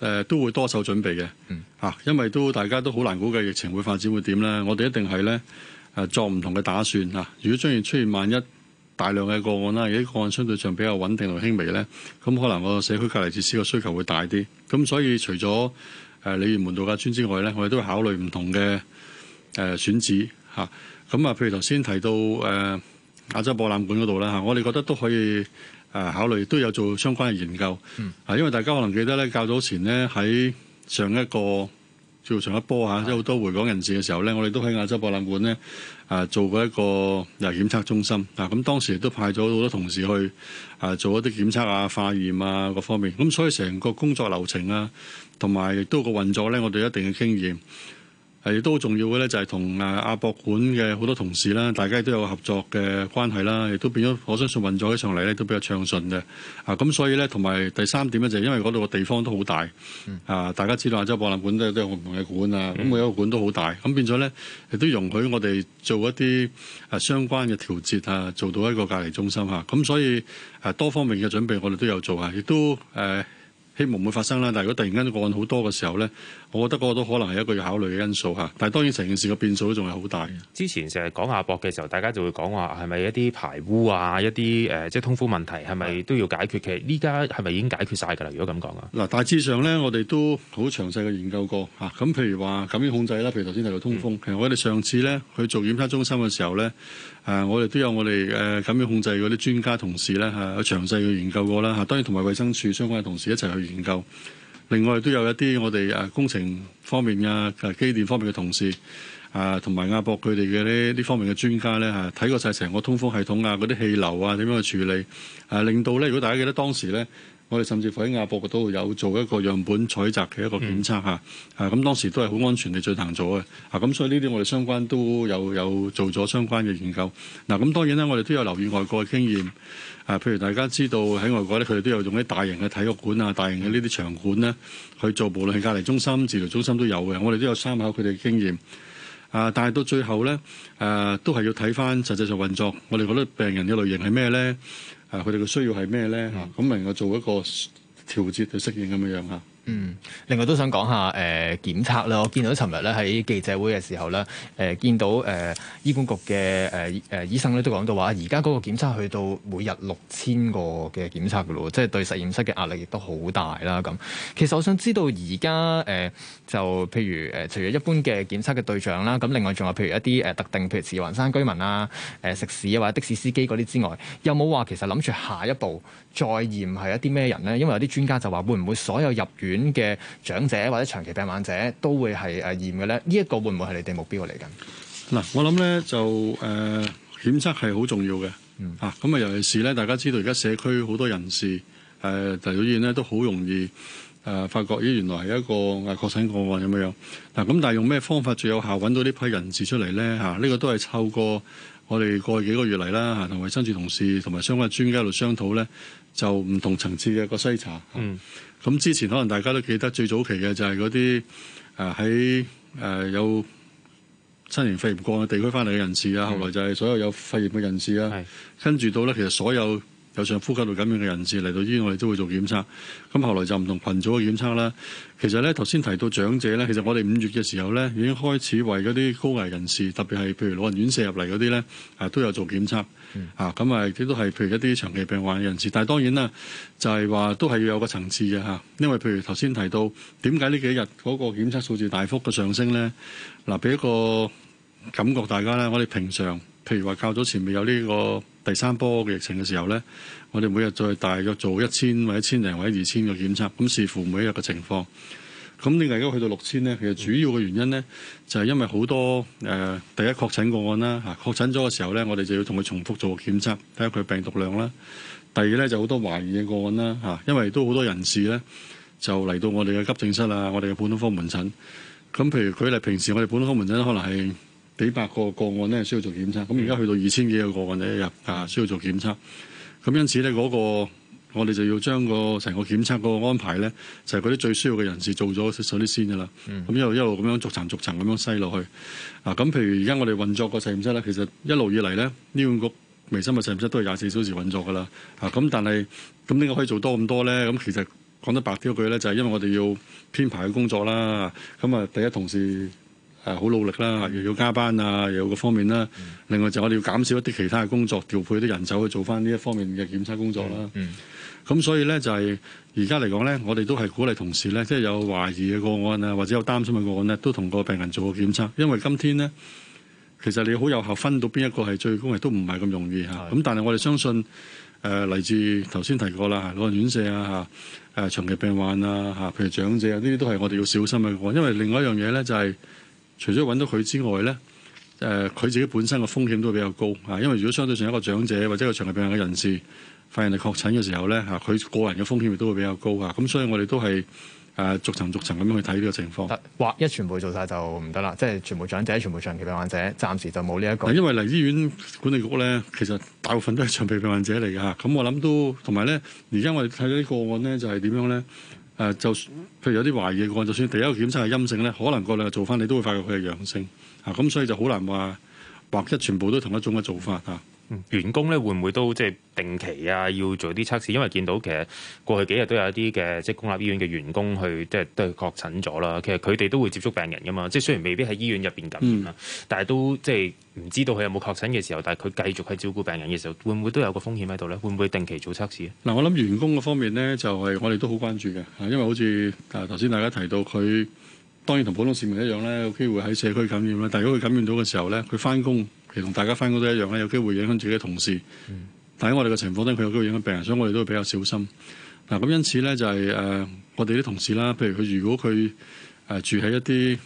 呃、都會多手準備嘅。嗯嚇、啊，因為都大家都好難估計疫情會發展會點咧，我哋一定係咧誒作唔同嘅打算嚇。如果將然出現萬一大量嘅個案啦，而家個案相對上比較穩定同輕微咧，咁可能個社區隔離設施嘅需求會大啲。咁所以除咗誒鯉魚門度假村之外咧，我哋都會考慮唔同嘅。誒選址嚇，咁啊，譬如頭先提到誒、呃、亞洲博覽館嗰度啦嚇，我哋覺得都可以誒考慮，都有做相關嘅研究，嚇、嗯，因為大家可能記得咧，較早前咧喺上一個叫做上一波嚇，即係好多回港人士嘅時候咧，是我哋都喺亞洲博覽館咧誒做過一個誒檢測中心啊，咁當時亦都派咗好多同事去誒做一啲檢測啊、化驗啊各方面，咁所以成個工作流程啊，同埋亦都個運作咧，我哋一定嘅經驗。亦都好重要嘅咧，就係同啊亞博館嘅好多同事啦，大家都有合作嘅關係啦，亦都變咗我相信運作起上嚟咧都比較暢順嘅。啊，咁所以咧，同埋第三點咧，就係因為嗰度個地方都好大、嗯、啊，大家知道亞洲博覽館都都有唔同嘅館啊，咁、嗯、每一個館都好大，咁變咗咧亦都容許我哋做一啲啊相關嘅調節啊，做到一個隔離中心嚇。咁、啊、所以啊，多方面嘅準備我哋都有做啊，亦都誒。呃希望唔會發生啦。但係如果突然間個案好多嘅時候咧，我覺得嗰個都可能係一個要考慮嘅因素嚇。但係當然成件事嘅變數都仲係好大。之前成日講亞博嘅時候，大家就會講話係咪一啲排污啊，一啲誒、呃、即係通風問題係咪都要解決？是的其實依家係咪已經解決晒㗎啦？如果咁講啊，嗱大致上咧，我哋都好詳細嘅研究過嚇。咁、啊、譬如話感染控制啦，譬如頭先提到通風，嗯、其實我哋上次咧去做檢測中心嘅時候咧。啊！我哋都有我哋誒感染控制嗰啲專家同事咧嚇，有、啊啊、詳細去研究過啦嚇、啊。當然同埋衛生署相關嘅同事一齊去研究。另外亦都有一啲我哋誒、啊、工程方面啊、誒機電方面嘅同事啊，同埋亞博佢哋嘅呢呢方面嘅專家咧嚇、啊、睇過晒成個通風系統啊、嗰啲氣流啊點樣去處理啊，令到咧，如果大家記得當時咧。我哋甚至乎喺亞博都有做一個樣本採集嘅一個檢測嚇，嗯、啊咁當時都係好安全地進行咗嘅，啊咁所以呢啲我哋相關都有有做咗相關嘅研究。嗱、啊、咁當然啦，我哋都有留意外國嘅經驗，啊譬如大家知道喺外國咧，佢哋都有用啲大型嘅體育館啊、大型嘅呢啲場館咧去做，無論隔離，隔離中心、治療中心都有嘅。我哋都有參考佢哋嘅經驗。啊，但係到最後咧、啊，都係要睇翻實際上運作。我哋覺得病人嘅類型係咩咧？啊！佢哋嘅需要係咩咧？咁能夠做一個調節去適應咁樣樣吓。嗯，另外都想講下誒檢測啦，我見到尋日咧喺記者會嘅時候咧，誒、呃、見到誒、呃、醫管局嘅誒誒醫生咧都講到話而家嗰個檢測去到每日六千個嘅檢測噶咯，即、就、係、是、對實驗室嘅壓力亦都好大啦咁。其實我想知道而家誒就譬如誒、呃、除咗一般嘅檢測嘅對象啦，咁另外仲有譬如一啲誒特定，譬如慈雲山居民啊、誒、呃、食肆啊或者的士司機嗰啲之外，有冇話其實諗住下一步再驗係一啲咩人咧？因為有啲專家就話會唔會所有入院嘅長者或者長期病患者都會係誒驗嘅咧，呢、這、一個會唔會係你哋目標嚟緊？嗱，我諗咧就誒、呃、檢測係好重要嘅，嚇咁、嗯、啊！尤其是咧，大家知道而家社區好多人士誒，疾、呃、醫院咧都好容易誒發覺咦、呃、原來係一個確診個案咁樣樣。嗱、啊、咁，但係用咩方法最有效揾到呢批人士出嚟咧？嚇、啊，呢、這個都係透過。我哋過去幾個月嚟啦，同埋衞生署同事同埋相關專家喺度商討咧，就唔同層次嘅個篩查。嗯，咁、啊、之前可能大家都記得最早期嘅就係嗰啲誒喺誒有新型肺炎過嘅地區翻嚟嘅人士啊，嗯、後來就係所有有肺炎嘅人士啊，是跟住到咧，其實所有。有上呼吸道感染嘅人士嚟到醫院，我哋都會做檢測。咁後來就唔同群組嘅檢測啦。其實咧，頭先提到長者咧，其實我哋五月嘅時候咧，已經開始為嗰啲高危人士，特別係譬如老人院舍入嚟嗰啲咧，啊都有做檢測。咁、嗯、啊，亦都係譬如一啲長期病患嘅人士。但係當然啦，就係、是、話都係要有個層次嘅吓。因為譬如頭先提到，點解呢幾日嗰個檢測數字大幅嘅上升咧？嗱，俾一個感覺大家咧，我哋平常譬如話較早前面有呢、這個。第三波嘅疫情嘅時候呢，我哋每日再大約做一千或者千零或者二千個檢測，咁視乎每一日嘅情況。咁你話而家去到六千呢，其實主要嘅原因呢，就係、是、因為好多誒、呃、第一確診個案啦嚇，確診咗嘅時候呢，我哋就要同佢重複做個檢測，睇下佢病毒量啦。第二呢，就好多懷疑嘅個案啦嚇，因為都好多人士呢，就嚟到我哋嘅急症室啊，我哋嘅普通科門診。咁譬如佢哋平時我哋普通科門診可能係，幾百個個案咧，需要做檢測，咁而家去到二千幾個個案咧，一日啊，需要做檢測，咁因此咧，嗰個我哋就要將個成個檢測個安排咧，就係嗰啲最需要嘅人士做咗嗰啲先噶啦，咁、嗯、一路一路咁樣逐層逐層咁樣篩落去啊。咁譬如而家我哋運作個實驗室咧，其實一路以嚟咧，呢個微生物實驗室都係廿四小時運作噶啦啊。咁但係咁點解可以做多咁多咧？咁其實講得白啲句咧，就係、是、因為我哋要編排嘅工作啦。咁啊，第一同事。好、啊、努力啦，又要加班啊，又有各方面啦。嗯、另外就是我哋要減少一啲其他嘅工作調配啲人手去做翻呢一方面嘅檢測工作啦。咁、嗯嗯、所以呢，就係而家嚟講呢，我哋都係鼓勵同事呢，即、就、係、是、有懷疑嘅個案啊，或者有擔心嘅個案呢，都同個病人做個檢測，因為今天呢，其實你好有效分到邊一個係最高亦都唔係咁容易咁是的、啊、但係我哋相信誒嚟自頭先提過啦，老人院舍啊，誒、啊、長期病患啊，譬如長者啊，呢啲都係我哋要小心嘅個案，因為另外一樣嘢呢，就係、是。除咗揾到佢之外咧，誒佢自己本身嘅風險都比較高啊！因為如果相對上一個長者或者一個長期病患嘅人士發現係確診嘅時候咧，嚇佢個人嘅風險亦都會比較高啊！咁所以我哋都係誒逐層逐層咁樣去睇呢個情況。或一全部做晒就唔得啦，即係全部長者、全部長期病患者，暫時就冇呢一個。因為嚟醫院管理局咧，其實大部分都係長期病患者嚟㗎，咁我諗都同埋咧，而家我哋睇到啲個案咧，就係點樣咧？呃，就譬如有啲懷疑嘅，就算第一個檢測係陰性呢，可能過兩日做翻你都會發覺佢係陽性啊！咁所以就好難話，或、呃、者全部都係同一種嘅做法，啊員工咧會唔會都即係定期啊要做啲測試？因為見到其實過去幾日都有一啲嘅即係公立醫院嘅員工去即係都係確診咗啦。其實佢哋都會接觸病人㗎嘛，即係雖然未必喺醫院入邊感染啦，嗯、但係都即係唔知道佢有冇確診嘅時候，但係佢繼續喺照顧病人嘅時候，會唔會都有個風險喺度咧？會唔會定期做測試啊？嗱，我諗員工嘅方面咧，就係我哋都好關注嘅，因為好似頭先大家提到佢當然同普通市民一樣咧，有機會喺社區感染啦。但如果佢感染到嘅時候咧，佢返工。同大家翻工都一樣咧，有機會影響自己嘅同事。但喺我哋嘅情況咧，佢有機會影響病人，所以我哋都會比較小心。嗱，咁因此咧就係誒，我哋啲同事啦，譬如佢如果佢誒住喺一啲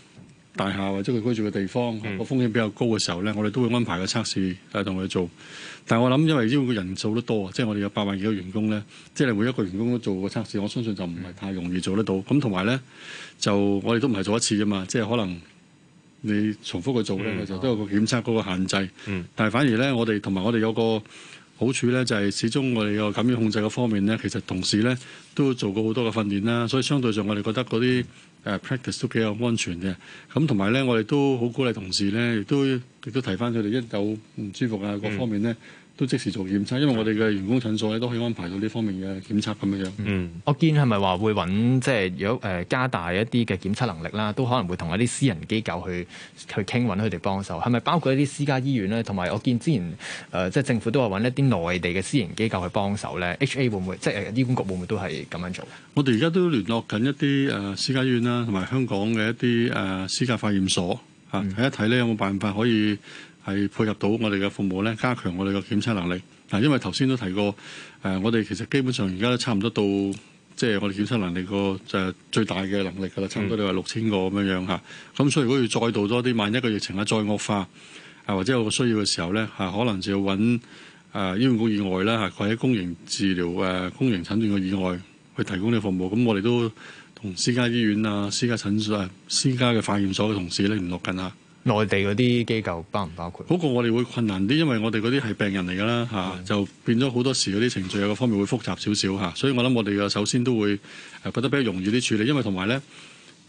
大廈或者佢居住嘅地方個風險比較高嘅時候咧，我哋都會安排個測試誒同佢做。但係我諗，因為因為個人數都多，即係我哋有八萬幾個員工咧，即係每一個員工都做個測試，我相信就唔係太容易做得到。咁同埋咧，就我哋都唔係做一次噶嘛，即係可能。你重複去做咧，其實都有個檢測嗰個限制。嗯、但反而咧，我哋同埋我哋有個好處咧，就係始終我哋個感染控制嘅方面咧，其實同事咧都做過好多嘅訓練啦，所以相對上我哋覺得嗰啲 practice 都幾有安全嘅。咁同埋咧，我哋都好鼓勵同事咧亦都。亦都提翻佢哋一有唔舒服啊，各方面咧都即時做檢測，嗯、因為我哋嘅員工診所咧都可以安排到呢方面嘅檢測咁樣樣。嗯，我見係咪話會揾即係如果誒加大一啲嘅檢測能力啦，都可能會同一啲私人機構去去傾揾佢哋幫手，係咪包括一啲私家醫院咧？同埋我見之前誒即係政府都話揾一啲內地嘅私人機構去幫手咧，HA 會唔會即係醫管局會唔會都係咁樣做？我哋而家都聯絡緊一啲誒私家醫院啦，同埋香港嘅一啲誒私家化驗所。啊！睇一睇咧，有冇辦法可以係配合到我哋嘅服務咧，加強我哋嘅檢測能力。嗱，因為頭先都提過，誒、呃，我哋其實基本上而家都差唔多到，即、就、係、是、我哋檢測能力個就係最大嘅能力㗎喇，差唔多你話六千個咁樣樣嚇。咁所以如果要再度多啲，萬一個疫情啊再惡化，啊、呃、或者有個需要嘅時候咧，嚇、呃、可能就要揾誒、呃、醫院局醫管局以外啦，嚇或者公營治療誒、呃、公營診斷嘅以外去提供呢個服務。咁我哋都同私家醫院啊、私家診所啊、私家嘅化驗所嘅同事咧，聯絡緊啊！內地嗰啲機構包唔包括？嗰個我哋會困難啲，因為我哋嗰啲係病人嚟㗎啦，嚇是的 就變咗好多時嗰啲程序啊、各方面會複雜少少嚇。所以我諗我哋嘅首先都會誒覺得比較容易啲處理，因為同埋咧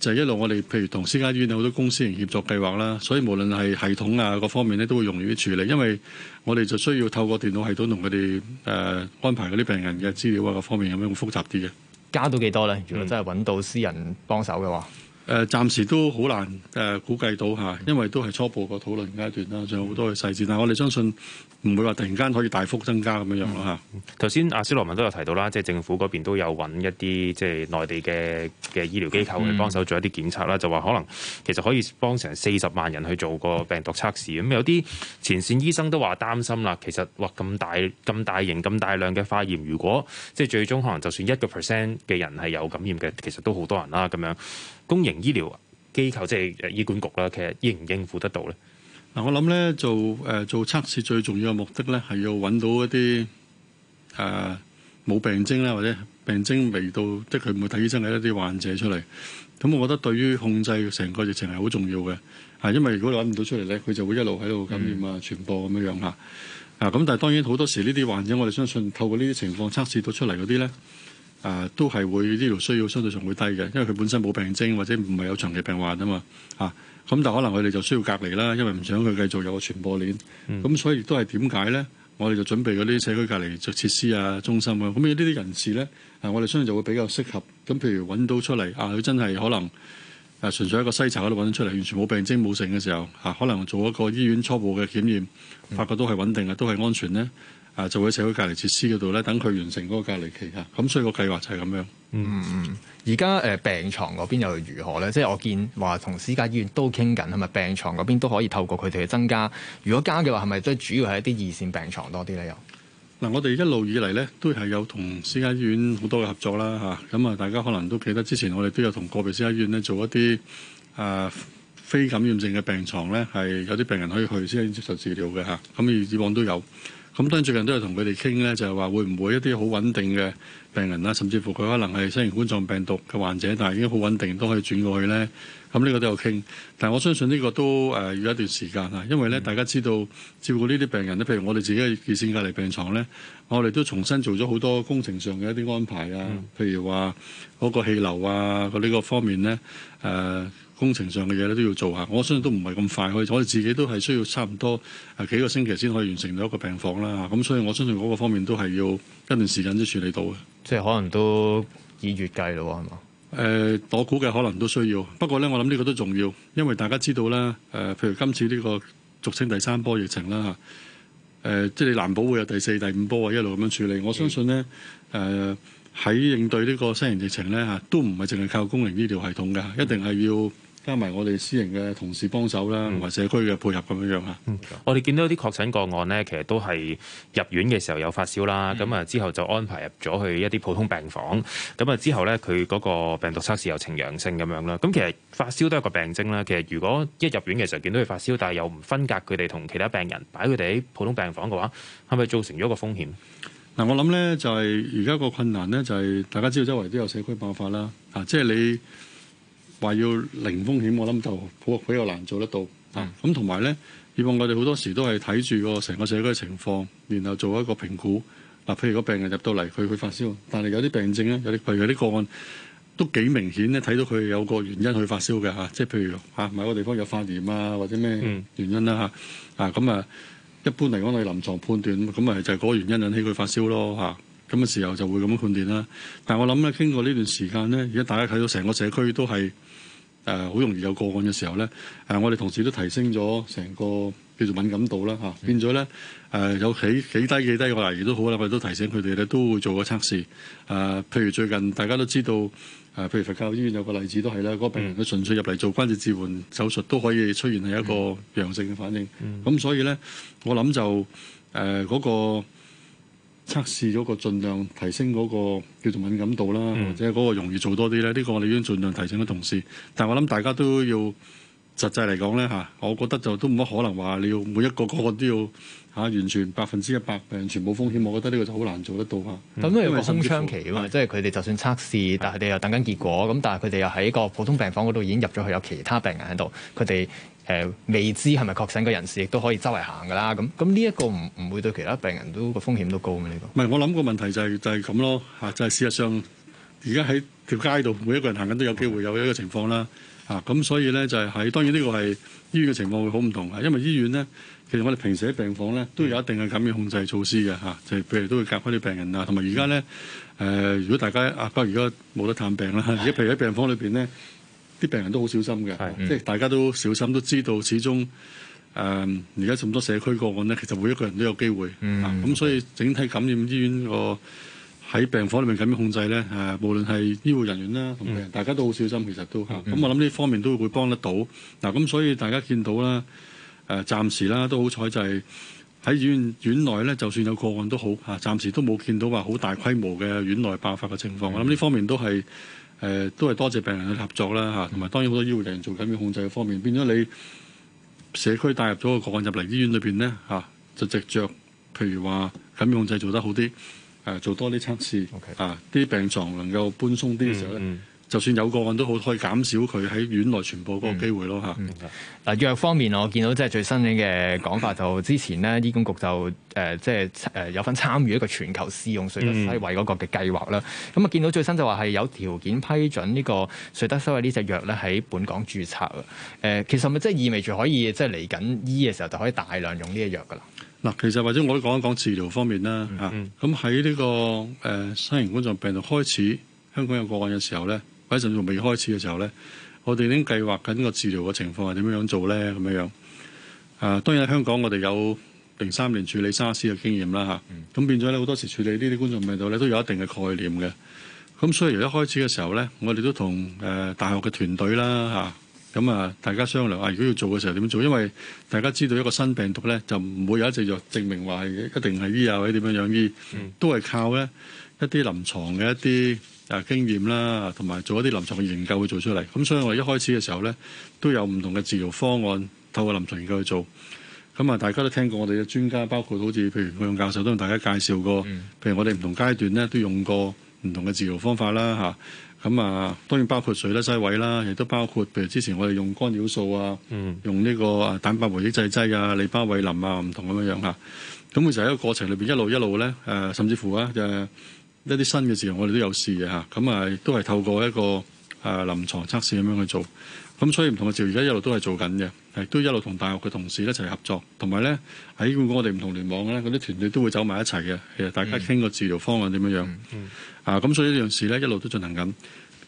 就係、一路我哋譬如同私家醫院有好多公私營協作計劃啦，所以無論係系統啊各方面咧都會容易啲處理，因為我哋就需要透過電腦系統同佢哋誒安排嗰啲病人嘅資料啊各方面有冇咁複雜啲嘅。加到幾多咧？如果真係揾到私人幫手嘅話。誒、呃、暫時都好難誒估計到嚇，因為都係初步個討論階段啦，仲有好多嘅細節。但係我哋相信唔會話突然間可以大幅增加咁樣用咯嚇。頭先、嗯嗯、阿斯羅文都有提到啦，即係政府嗰邊都有揾一啲即係內地嘅嘅醫療機構去幫手做一啲檢測啦，嗯、就話可能其實可以幫成四十萬人去做個病毒測試咁、嗯。有啲前線醫生都話擔心啦，其實哇咁大咁大型咁大量嘅化驗，如果即係最終可能就算一個 percent 嘅人係有感染嘅，其實都好多人啦咁樣。公營醫療機構即係醫管局啦，其實應唔應付得到咧？嗱，我諗咧做誒做測試最重要嘅目的咧，係要揾到一啲誒冇病徵啦，或者病徵未到，即係佢唔會睇醫生嘅一啲患者出嚟。咁我覺得對於控制成個疫情係好重要嘅，啊，因為如果你揾唔到出嚟咧，佢就會一路喺度感染啊、傳、嗯、播咁樣樣吓。啊，咁但係當然好多時呢啲患者，我哋相信透過呢啲情況測試到出嚟嗰啲咧。誒、啊、都係會呢度需要，相對上會低嘅，因為佢本身冇病徵或者唔係有長期病患啊嘛嚇。咁但可能我哋就需要隔離啦，因為唔想佢繼續有個傳播鏈。咁、嗯、所以亦都係點解咧？我哋就準備嗰啲社區隔離設施啊、中心啊。咁呢啲人士咧、啊，我哋相信就會比較適合。咁譬如揾到出嚟啊，佢真係可能誒純粹喺一個篩查嗰度揾出嚟，完全冇病徵冇症嘅時候嚇、啊，可能做一個醫院初步嘅檢驗，發覺都係穩定嘅，都係安全咧。啊，就喺社區隔離設施嗰度咧，等佢完成嗰個隔離期啊。咁所以個計劃就係咁樣。嗯嗯，而家誒病床嗰邊又如何咧？即係我見話同私家醫院都傾緊，係咪病床嗰邊都可以透過佢哋嘅增加。如果加嘅話，係咪即係主要係一啲二線病床多啲咧？又嗱，我哋一路以嚟咧都係有同私家醫院好多嘅合作啦。嚇、咁啊，大家可能都記得之前我哋都有同個別私家醫院咧做一啲誒、啊、非感染性嘅病床咧，係有啲病人可以去先接受治療嘅嚇。咁、啊、以往都有。咁當然最近都有同佢哋傾咧，就係話會唔會一啲好穩定嘅病人啦，甚至乎佢可能係新型冠狀病毒嘅患者，但係已經好穩定，都可以轉過去咧。咁呢個都有傾，但係我相信呢個都誒要一段時間啦，因為咧大家知道照顧呢啲病人咧，譬如我哋自己熱線隔離病床咧，我哋都重新做咗好多工程上嘅一啲安排啊，譬如話嗰個氣流啊，佢、這、呢個方面咧誒。呃工程上嘅嘢咧都要做下，我相信都唔係咁快，我我哋自己都係需要差唔多啊幾個星期先可以完成到一個病房啦，咁所以我相信嗰個方面都係要一段時間都處理到嘅。即係可能都以月計咯，係嘛？誒、呃，我估計可能都需要，不過咧，我諗呢個都重要，因為大家知道啦，誒、呃，譬如今次呢個俗稱第三波疫情啦，吓，誒、呃，即係你難保會有第四、第五波啊，一路咁樣處理。我相信咧，誒、嗯，喺、呃、應對呢個新型疫情咧，吓都唔係淨係靠公營醫療系統嘅，一定係要。加埋我哋私人嘅同事幫手啦，同埋社區嘅配合咁樣樣啊。我哋見到啲確診個案呢，其實都係入院嘅時候有發燒啦。咁啊、嗯、之後就安排入咗去一啲普通病房。咁啊之後呢，佢嗰個病毒測試有呈陽性咁樣啦。咁其實發燒都係個病徵啦。其實如果一入院嘅時候見到佢發燒，但係又唔分隔佢哋同其他病人，擺佢哋喺普通病房嘅話，係咪造成咗一個風險？嗱，我諗呢就係而家個困難呢，就係大家知道周圍都有社區爆發啦。啊，即係你，話要零風險，我諗就好比較難做得到啊！咁同埋咧，以往我哋好多時都係睇住個成個社區嘅情況，然後做一個評估。嗱，譬如個病人入到嚟，佢佢發燒，但係有啲病症咧，有啲譬如有啲個案都幾明顯咧，睇到佢有個原因去發燒嘅嚇。即係譬如嚇，某個地方有發炎、嗯、啊，或者咩原因啦嚇啊咁啊，一般嚟講我哋臨床判斷咁啊，就係嗰個原因引起佢發燒咯嚇。咁嘅時候就會咁樣判斷啦。但係我諗咧，經過呢段時間咧，而家大家睇到成個社區都係。誒好、呃、容易有個案嘅時候咧，誒、呃、我哋同事都提升咗成個叫做敏感度啦嚇，啊嗯、變咗咧誒有幾低幾低嘅例都好啦，我哋都提醒佢哋咧都會做個測試。誒、呃、譬如最近大家都知道，誒、呃、譬如佛教醫院有個例子都係啦，嗰、那個、病人佢純粹入嚟做關節置換手術都可以出現係一個陽性嘅反應。咁、嗯、所以咧，我諗就誒嗰、呃那個。測試嗰個盡量提升嗰個叫做敏感度啦，嗯、或者嗰個容易做多啲咧，呢、呢個我哋已經盡量提醒咗同事。但係我諗大家都要實際嚟講咧嚇，我覺得就都冇乜可能話你要每一個個個都要嚇、啊、完全百分之一百病全冇風險，我覺得呢個就好難做得到啊。咁、嗯、因為有個空窗期啊嘛，對即係佢哋就算測試，但係佢哋又等緊結果。咁但係佢哋又喺個普通病房嗰度已經入咗去了，有其他病人喺度，佢哋。誒未知係咪確診嘅人士，亦都可以周圍行㗎啦。咁咁呢一個唔唔會對其他病人都個風險都高嘅。呢個唔係我諗個問題就係就係咁咯。嚇，就係、是就是、事實上，而家喺條街度，每一個人行緊都有機會有呢個情況啦。嚇、嗯，咁、啊、所以咧就係、是、喺當然呢個係醫院嘅情況會好唔同啊。因為醫院咧，其實我哋平時喺病房咧都有一定嘅感染控制措施嘅嚇、啊，就係、是、譬如都會隔開啲病人啊，同埋而家咧誒，如果大家啊不過而家冇得探病啦。而、啊、家譬如喺病房裏邊咧。啲病人都好小心嘅，即係是、嗯、大家都小心，都知道，始終誒而家咁多社區個案咧，其實每一個人都有機會。咁、嗯啊、所以整體感染醫院個喺、呃、病房裏面感染控制咧、呃，無論係醫護人員啦，同埋、嗯、大家都好小心。其實都吓。咁是，嗯啊、我諗呢方面都會幫得到。嗱、啊，咁所以大家見到、呃、暫啦，誒暫時啦都好彩，就係喺醫院醫院內咧，就算有個案都好，吓、啊，暫時都冇見到話好大規模嘅院內爆發嘅情況。嗯、我諗呢方面都係。誒都係多謝，謝病人嘅合作啦嚇，同埋當然好多醫護人員做緊控制嘅方面，變咗你社區帶入咗個，個案入嚟醫院裏邊咧嚇，就直著譬如話緊控制做得好啲，誒做多啲測試啊，啲 Okay. 病床能夠搬鬆啲嘅時候咧。Okay. 嗯嗯就算有個案都好，可以減少佢喺院內傳播嗰個機會咯吓、嗯嗯，嗱、嗯嗯，藥方面我見到即係最新嘅講法，就之前呢醫管局就誒、呃、即係誒有份參與一個全球試用瑞德西維嗰個嘅計劃啦。咁、嗯嗯嗯、啊見到最新就話係有條件批准呢個瑞德西維呢隻藥咧喺本港註冊誒、嗯，其實咪即係意味住可以即係嚟緊醫嘅時候就可以大量用呢一樣㗎啦。嗱，其實或者我講一講治療方面啦嚇，咁喺呢個誒新型冠狀病毒開始香港有個案嘅時候咧。喺仲未開始嘅時候咧，我哋已經計劃緊個治療嘅情況係點樣樣做咧？咁樣樣啊，當然喺香港，我哋有零三年處理沙士嘅經驗啦嚇，咁變咗咧好多時處理呢啲冠狀病毒咧都有一定嘅概念嘅。咁所以由一開始嘅時候咧，我哋都同誒大學嘅團隊啦嚇，咁啊大家商量啊，如果要做嘅時候點做？因為大家知道一個新病毒咧，就唔會有一隻藥證明話係一定係醫啊，或者點樣樣醫，都係靠咧一啲臨床嘅一啲。啊，經驗啦，同埋做一啲臨床嘅研究會做出嚟。咁所以我哋一開始嘅時候呢，都有唔同嘅治療方案，透過臨床研究去做。咁啊，大家都聽過我哋嘅專家，包括好似譬如佢用教授都同大家介紹過。譬如我哋唔同階段呢，都用過唔同嘅治療方法啦，咁、嗯、啊，當然包括瑞德西韋啦，亦都包括譬如之前我哋用干擾素啊，嗯、用呢個蛋白酶抑制劑里啊，利巴韋林啊，唔同咁樣。吓，咁其實喺個過程裏面一路一路呢、啊，甚至乎啊，一啲新嘅治療，我哋都有試嘅吓，咁啊，都係透過一個誒臨床測試咁樣去做，咁所以唔同嘅治療而家一路都係做緊嘅，都一路同大學嘅同事一齊合作，呢同埋咧喺我哋唔同聯網咧，嗰啲團隊都會走埋一齊嘅。其實大家傾個治療方案點樣，嗯、啊，咁所以呢樣事咧一路都進行緊。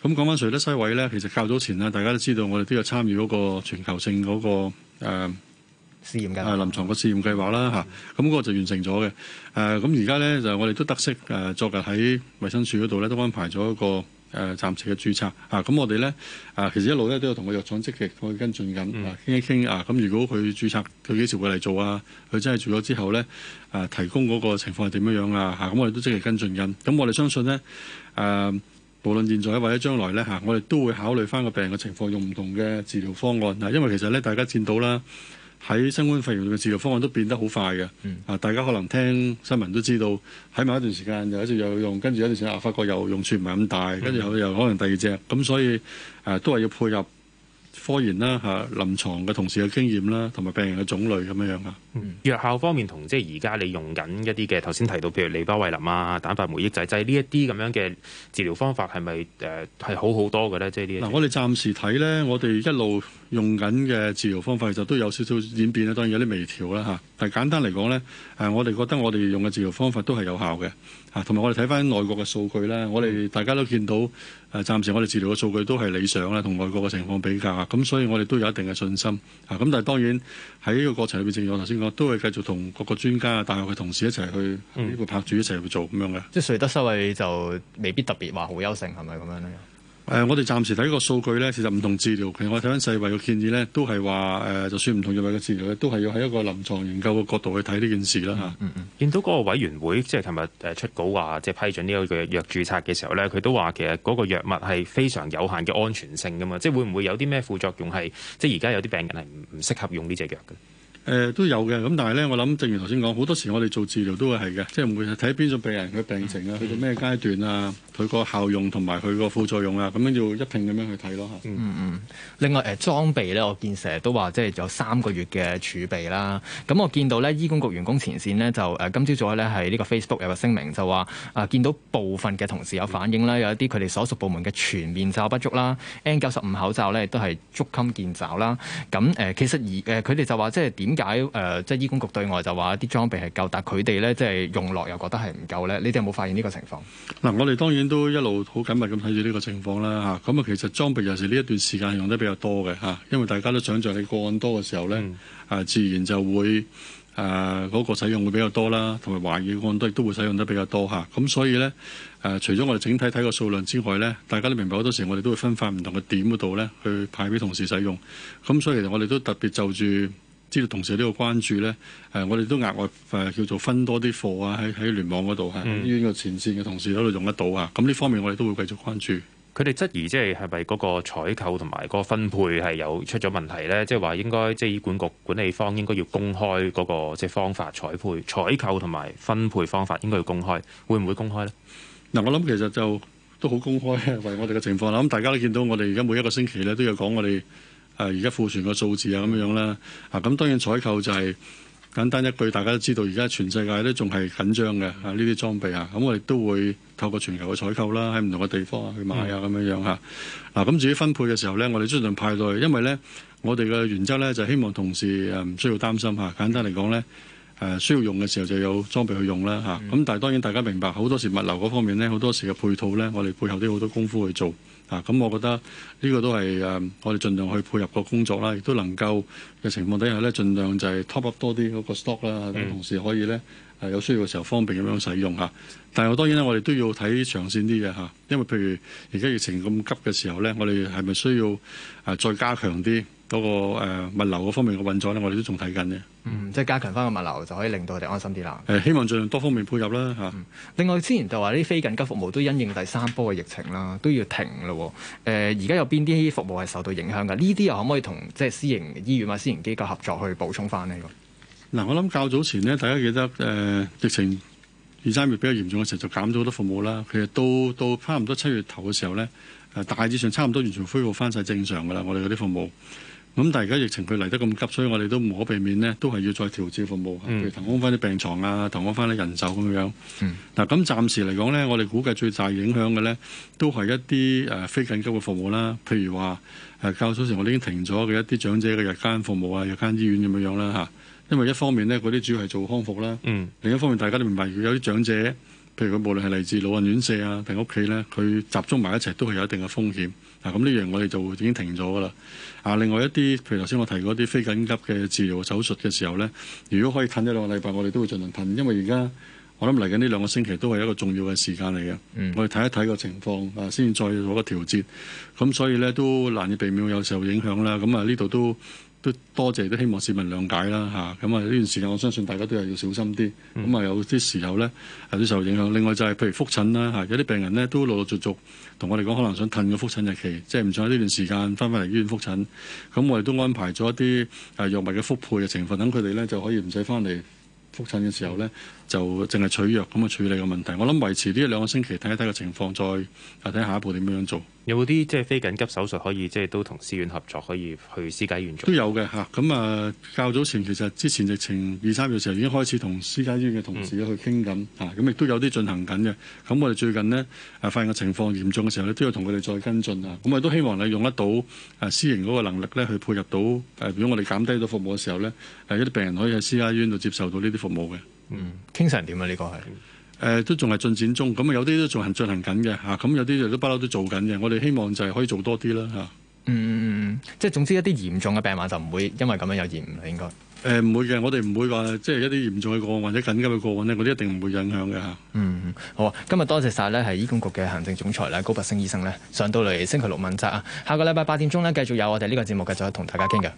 咁講翻，瑞德西韋咧，其實較早前呢，大家都知道我哋都有參與嗰個全球性嗰，那個、呃試驗嘅誒臨牀個試驗計劃啦嚇，咁、啊、嗰、那個就完成咗嘅。誒咁而家呢，就我哋都得悉誒，昨日喺衛生署嗰度呢都安排咗一個誒、啊、暫時嘅註冊嚇。咁、啊、我哋呢，啊，其實一路呢都有同個藥廠積極去跟進緊，傾一傾啊。咁、啊、如果佢註冊，佢幾時會嚟做啊？佢真係做咗之後呢，啊，提供嗰個情況係點樣樣啊？嚇、啊，咁我哋都積極跟進緊。咁、啊、我哋相信呢，誒、啊，無論現在或者將來呢，嚇、啊，我哋都會考慮翻個病人嘅情況，用唔同嘅治療方案嗱、啊。因為其實呢，大家見到啦。喺新冠肺炎嘅治療方案都變得好快嘅，啊、嗯、大家可能聽新聞都知道，喺某一段時間有一隻有用，跟住一段時間啊發覺又用處唔係咁大，跟住又又可能第二隻，咁所以誒、呃、都係要配合。科研啦嚇、啊，臨床嘅同事嘅經驗啦，同埋病人嘅種類咁樣樣啊、嗯。藥效方面同即係而家你用緊一啲嘅，頭先提到，譬如利巴韋林啊、蛋白酶抑制劑，呢一啲咁樣嘅治療方法係咪誒係好好多嘅咧？即係呢啲。嗱，我哋暫時睇咧，我哋一路用緊嘅治療方法就都有少少演變啦，當然有啲微調啦嚇、啊。但係簡單嚟講咧，誒、啊、我哋覺得我哋用嘅治療方法都係有效嘅嚇，同、啊、埋我哋睇翻外國嘅數據咧，我哋大家都見到。嗯誒，暫時我哋治療嘅數據都係理想啦，同外國嘅情況比較咁，所以我哋都有一定嘅信心啊。咁但係當然喺呢個過程裏面，正如我頭先講，都會繼續同各個專家、大學嘅同事一齊去呢個、嗯、拍住一齊去做咁樣嘅。即係瑞德西韋就未必特別話好優勝，係咪咁樣咧？嗯誒、呃，我哋暫時睇個數據咧，其實唔同治療，其實我睇翻世衞嘅建議咧，都係話誒，就算唔同藥物嘅治療咧，都係要喺一個臨床研究嘅角度去睇呢件事啦吓，嗯嗯、嗯。見到嗰個委員會即係琴日誒，出稿話，即係批准呢一個藥註冊嘅時候咧，佢都話其實嗰個藥物係非常有限嘅安全性噶嘛，即係會唔會有啲咩副作用係即係而家有啲病人係唔唔適合用呢隻藥嘅？誒、呃、都有嘅，咁但係咧，我諗，正如頭先講，好多時我哋做治療都會係嘅，即係唔會睇邊種病人嘅病情啊，去到咩階段啊，佢個效用同埋佢個副作用啊，咁樣要一拼咁樣去睇咯、嗯嗯、另外誒、呃、裝備咧，我見成日都話即係有三個月嘅儲備啦。咁我見到呢，醫工局員工前線呢，就、呃、今朝早呢，係呢個 Facebook 有個聲明就，就話啊見到部分嘅同事有反應啦，嗯、有一啲佢哋所屬部門嘅全面罩不足啦，N 九十五口罩呢都係捉襟見肘啦。咁、呃、其實而佢哋就話即係點？解？誒、呃，即係醫管局對外就話啲裝備係夠，但佢哋咧即係用落又覺得係唔夠咧。你哋有冇發現呢個情況？嗱、嗯，我哋當然都一路好緊密咁睇住呢個情況啦。吓咁啊,其實裝備尤其是呢一段時間係用得比較多嘅，吓、啊，因為大家都想象你個案多嘅時候咧、嗯、啊,自然就會誒嗰、啊那個使用會比較多啦，同埋懷疑個案都亦都會使用得比較多吓。咁、啊、所以咧、啊，除咗我哋整體睇個數量之外咧，大家都明白好多時我哋都會分發唔同嘅點嗰度咧去派俾同事使用。咁所以其實我哋都特別就住。知道同事都有關注咧，誒，我哋都額外誒叫做分多啲貨啊，喺喺聯網嗰度嚇，醫院個前線嘅同事喺度用得到啊。咁呢方面我哋都會繼續關注。佢哋質疑即係係咪嗰個採購同埋嗰個分配係有出咗問題咧？即係話應該即係醫管局管理方應該要公開嗰個即係方法採配、採購同埋分配方法應該要公開，會唔會公開咧？嗱，我諗其實就都好公開嘅，為我哋嘅情況啦。咁大家都見到我哋而家每一個星期咧都有講我哋。誒而家庫存個數字啊咁樣啦，啊咁當然採購就係、是、簡單一句，大家都知道而家全世界都仲係緊張嘅呢啲裝備啊，咁我哋都會透過全球嘅採購啦，喺唔同嘅地方啊去買啊咁、嗯、樣樣嚇。嗱咁至於分配嘅時候呢，我哋通常派對因為呢，我哋嘅原則呢，就是、希望同事唔需要擔心嚇。簡單嚟講呢，需要用嘅時候就有裝備去用啦嚇。咁、嗯、但係當然大家明白，好多時物流嗰方面呢，好多時嘅配套呢，我哋背後都好多功夫去做。啊，咁我覺得呢個都係誒、啊，我哋盡量去配合個工作啦，亦都能夠嘅情況底下咧，盡量就係 top up 多啲嗰個 stock 啦，嗯、同時可以咧誒、啊、有需要嘅時候方便咁樣使用嚇、啊。但係我當然咧，我哋都要睇長線啲嘅，嚇、啊，因為譬如而家疫情咁急嘅時候咧，我哋係咪需要誒、啊、再加強啲？嗰個誒物流嗰方面嘅運作咧，我哋都仲睇緊嘅。嗯，即係加強翻個物流就可以令到我哋安心啲啦。誒、呃，希望盡量多方面配合啦嚇、嗯。另外，之前就話啲非緊急服務都因應第三波嘅疫情啦，都要停咯。誒、呃，而家有邊啲服務係受到影響㗎？呢啲又可唔可以同即係私營醫院或私營機構合作去補充翻咧？嗱、呃，我諗較早前呢，大家記得誒、呃、疫情二三月比較嚴重嘅時候，就減咗好多服務啦。其實到到差唔多七月頭嘅時候咧，誒大致上差唔多完全恢復翻晒正常㗎啦。我哋嗰啲服務。咁但係而家疫情佢嚟得咁急，所以我哋都唔可避免咧，都係要再調節服務，嗯、譬如騰空翻啲病床啊，騰空翻啲人手咁樣樣。嗱咁、嗯、暫時嚟講咧，我哋估計最大影響嘅咧，都係一啲非緊急嘅服務啦，譬如話誒較早時我哋已經停咗嘅一啲長者嘅日間服務啊、日間醫院咁樣啦，因為一方面咧，嗰啲主要係做康復啦；嗯、另一方面，大家都明白，有啲長者。譬如佢無論係嚟自老人院舍啊，定屋企咧，佢集中埋一齊都係有一定嘅風險。咁、啊、呢樣我哋就已經停咗噶啦。啊，另外一啲譬如頭先我提過啲非緊急嘅治療手術嘅時候咧，如果可以褪一兩個禮拜，我哋都會盡量褪，因為而家我諗嚟緊呢兩個星期都係一個重要嘅時間嚟嘅，嗯、我哋睇一睇個情況啊，先至再做個調節。咁、啊、所以咧都難以避免有時候影響啦。咁啊，呢度都。都多謝，都希望市民諒解啦吓，咁啊呢段時間，我相信大家都係要小心啲。咁啊、嗯、有啲時候呢，有啲受影響。另外就係譬如復診啦吓，有啲病人呢都陸陸續續同我哋講，可能想褪個復診日期，即係唔想喺呢段時間翻返嚟醫院復診。咁我哋都安排咗一啲誒藥物嘅複配嘅情況，等佢哋呢就可以唔使翻嚟復診嘅時候呢，就淨係取藥咁去處理個問題。我諗維持呢一兩個星期睇一睇個情況，再睇下一步點樣做。有冇啲即係非緊急手術可以即係都同私院合作，可以去私家醫院做？都有嘅嚇，咁啊，較早前其實之前疫情二三月時候已經開始同私家醫院嘅同事去傾緊，咁亦都有啲進行緊嘅。咁我哋最近呢，發現個情況嚴重嘅時候咧，都要同佢哋再跟進啊。咁我都希望你用得到誒私營嗰個能力咧，去配合到，如果我哋減低咗服務嘅時候咧，一啲病人可以喺私家醫院度接受到呢啲服務嘅。嗯，傾成點啊？呢個係。誒、呃、都仲係進展中，咁啊有啲都仲係進行緊嘅嚇，咁、啊、有啲就都不嬲都做緊嘅。我哋希望就係可以做多啲啦嚇。嗯嗯嗯，即、嗯、係總之一啲嚴重嘅病患就唔會因為咁樣有延誤啦。應該唔、呃、會嘅，我哋唔會話即係一啲嚴重嘅個案或者緊急嘅個案咧，嗰啲一定唔會影響嘅嚇。啊、嗯好啊，今日多謝晒呢，係醫管局嘅行政總裁咧高拔陞醫生咧上到嚟星期六問責啊，下個禮拜八點鐘呢，繼續有我哋呢個節目繼續同大家傾嘅。